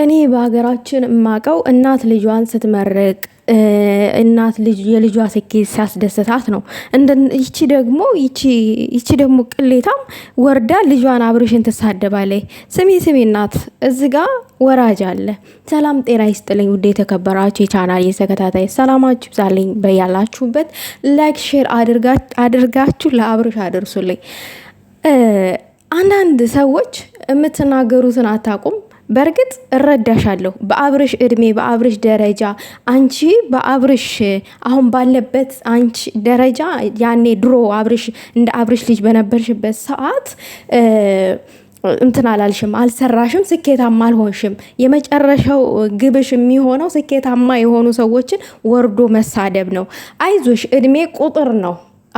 እኔ በሀገራችን የማውቀው እናት ልጇን ስትመርቅ እናት የልጇ ስኬት ሲያስደስታት ነው። ይቺ ደግሞ ይቺ ደግሞ ቅሌታም ወርዳ ልጇን አብርሽን ትሳደባለች። ስሚ ስሚ እናት እዚ ጋ ወራጅ አለ። ሰላም ጤና ይስጥልኝ ውድ የተከበራችሁ የቻናል የተከታታይ ሰላማችሁ ይብዛልኝ። በያላችሁበት ላይክ፣ ሼር አድርጋችሁ ለአብርሽ አድርሱልኝ። አንዳንድ ሰዎች የምትናገሩትን አታቁም በእርግጥ እረዳሻለሁ። በአብርሽ እድሜ፣ በአብርሽ ደረጃ አንቺ በአብርሽ አሁን ባለበት አንቺ ደረጃ ያኔ ድሮ አብርሽ እንደ አብርሽ ልጅ በነበርሽበት ሰዓት እንትን አላልሽም፣ አልሰራሽም፣ ስኬታማ አልሆንሽም። የመጨረሻው ግብሽ የሚሆነው ስኬታማ የሆኑ ሰዎችን ወርዶ መሳደብ ነው። አይዞሽ፣ እድሜ ቁጥር ነው።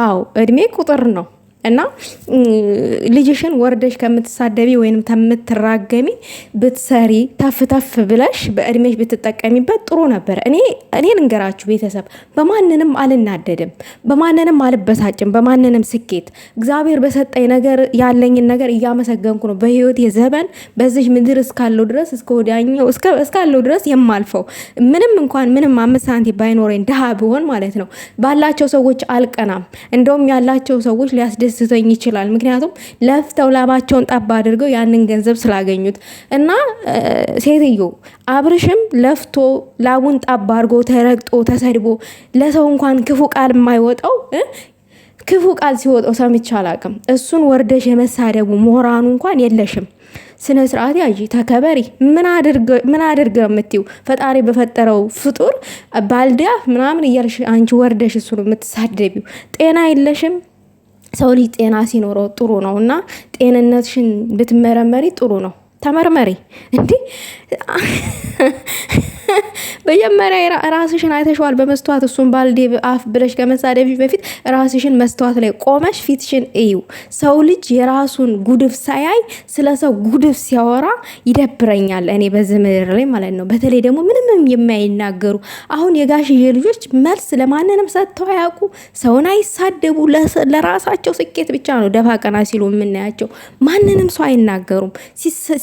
አዎ እድሜ ቁጥር ነው። እና ልጅሽን ወርደሽ ከምትሳደቢ ወይም ከምትራገሚ ብትሰሪ ተፍ ተፍ ብለሽ በእድሜሽ ብትጠቀሚበት ጥሩ ነበረ። እኔ እኔ ልንገራችሁ ቤተሰብ፣ በማንንም አልናደድም፣ በማንንም አልበሳጭም፣ በማንንም ስኬት እግዚአብሔር በሰጠኝ ነገር ያለኝን ነገር እያመሰገንኩ ነው። በህይወት የዘበን በዚህ ምድር እስካለው ድረስ እስከ ወዲያኛው እስካለው ድረስ የማልፈው ምንም እንኳን ምንም አምስት ሳንቲም ባይኖረኝ ድሃ ብሆን ማለት ነው ባላቸው ሰዎች አልቀናም። እንደውም ያላቸው ሰዎች ሊያስደስ ሊያስደስተኝ ይችላል። ምክንያቱም ለፍተው ላባቸውን ጠብ አድርገው ያንን ገንዘብ ስላገኙት እና ሴትዮ አብርሽም ለፍቶ ላቡን ጠብ አድርጎ ተረግጦ ተሰድቦ ለሰው እንኳን ክፉ ቃል የማይወጣው ክፉ ቃል ሲወጣው ሰምቼ አላቅም። እሱን ወርደሽ የመሳደቡ ምሁራኑ እንኳን የለሽም። ስነ ስርዓት ያዥ፣ ተከበሪ። ምን አድርግ የምትይው? ፈጣሪ በፈጠረው ፍጡር ባልዲያ ምናምን እያልሽ አንቺ ወርደሽ እሱ የምትሳደቢው። ጤና የለሽም። ሰው ልጅ ጤና ሲኖረው ጥሩ ነው እና ጤንነትሽን ብትመረመሪ ጥሩ ነው። ተመርመሪ እንዲህ መጀመሪያ ራስሽን አይተሸዋል በመስተዋት እሱን ባልዴ አፍ ብለሽ ከመሳደብሽ በፊት ራስሽን መስተዋት ላይ ቆመሽ ፊትሽን እዩ። ሰው ልጅ የራሱን ጉድፍ ሳያይ ስለ ሰው ጉድፍ ሲያወራ ይደብረኛል። እኔ በዚህ ምድር ላይ ማለት ነው። በተለይ ደግሞ ምንምም የማይናገሩ አሁን የጋሽዬ ልጆች መልስ ለማንንም ሰጥተው አያውቁ። ሰውን አይሳደቡ። ለራሳቸው ስኬት ብቻ ነው ደፋ ቀና ሲሉ የምናያቸው። ማንንም ሰው አይናገሩም።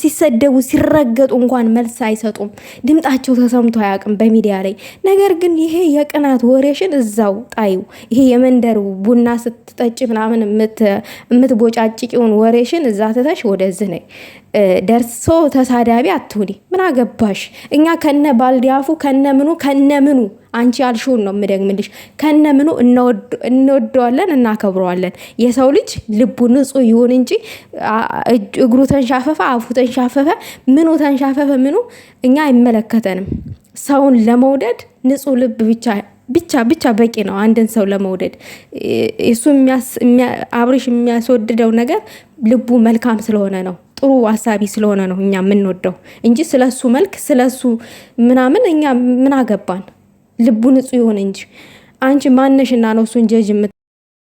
ሲሰደቡ ሲረገጡ እንኳን መልስ አይሰጡም። ድምጣቸው ተሰምቶ አያውቅም። በሚዲያ ላይ። ነገር ግን ይሄ የቅናት ወሬሽን እዛው ጣዩ። ይሄ የመንደር ቡና ስትጠጭ ምናምን የምትቦጫጭቂውን ወሬሽን እዛ ትተሽ ወደዚህ ነይ። ደርሶ ተሳዳቢ አትሁኒ። ምን አገባሽ? እኛ ከነ ባልዲያፉ ከነ ምኑ ከነ ምኑ አንቺ ያልሽውን ነው የምደግምልሽ። ከነ ምኑ እንወደዋለን፣ እናከብረዋለን። የሰው ልጅ ልቡ ንጹህ ይሁን እንጂ እግሩ ተንሻፈፈ፣ አፉ ተንሻፈፈ፣ ምኑ ተንሻፈፈ፣ ምኑ እኛ አይመለከተንም። ሰውን ለመውደድ ንጹህ ልብ ብቻ ብቻ ብቻ በቂ ነው። አንድን ሰው ለመውደድ እሱ አብርሽ የሚያስወድደው ነገር ልቡ መልካም ስለሆነ ነው፣ ጥሩ አሳቢ ስለሆነ ነው እኛ የምንወደው እንጂ ስለሱ መልክ ስለሱ ምናምን እኛ ምን አገባን? ልቡ ንጹህ ይሁን እንጂ አንቺ ማነሽና ነው እሱን ጀጅ